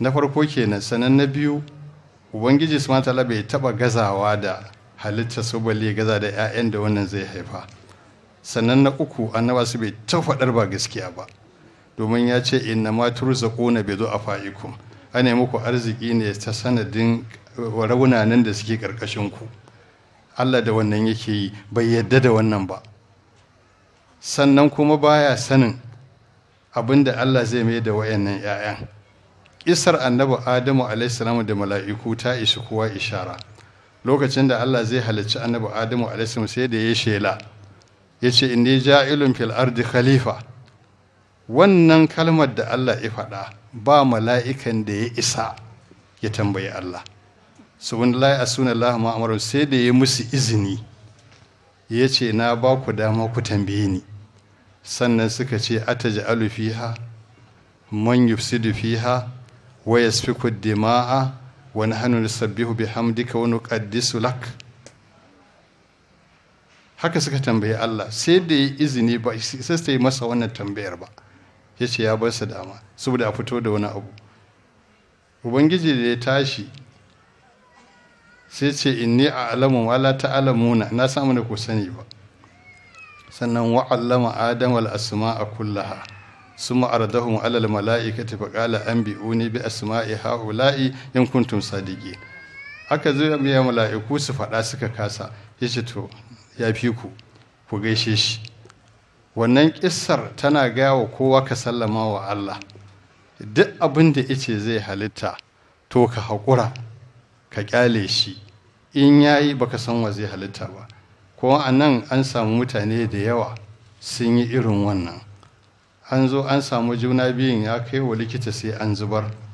na farko kenan sanan na biyu ubangiji su mata bai taba gazawa da halitta su balle gaza da 'ya'yan da wannan zai haifa sannan na uku annaba su bai ta ba gaskiya ba domin ya ce inna ma turzaquna bi du'afaikum ana muku arziki ne ta sanadin raunanan da suke karkashin ku Allah da wannan yake yi bai yadda da wannan ba sannan kuma baya sanin abin da Allah zai mai da wayannan 'ya'yan kisar annabi adamu alaihissalam da mala'iku ta isu kowa ishara lokacin da allah zai halicci annabi adamu alaihissalam sai da ya shela ya ce inni ja'ilun fil ardi khalifa wannan kalmar da allah ya faɗa ba mala'ikan da ya isa ya tambayi allah subhanahu a suna allah ma'amaru sai da ya musu izini ya ce na ba ku dama ku tambaye ni sannan suka ce ataja alufiha man yufsidu fiha wa yasfiku dima'a wa nahnu nusabbihu bihamdika wa nuqaddisu lak haka suka tambaye Allah sai da ya izini ba sai sai masa wannan tambayar ba ya ce ya bar dama saboda a fito da wani abu ubangiji da ya tashi sai ce inni a alamun wala ta alamuna na samu da ku sani ba sannan wa'allama adam al'asuma a kullaha ثم أردهم على الملائكة فقال أنبئوني بأسماء هؤلاء إن كنتم صادقين aka yi ya mala'iku su faɗa suka kasa ya ce to ya fi ku ku gaishe shi wannan ƙissar tana gaya wa kowa ka sallama wa Allah duk abin da ice zai halitta to ka haƙura ka ƙyale shi in yayi baka san wa zai halitta ba ko a nan an samu mutane da yawa sun yi irin wannan an zo an samu juna biyun ya kai wa likita sai an zubar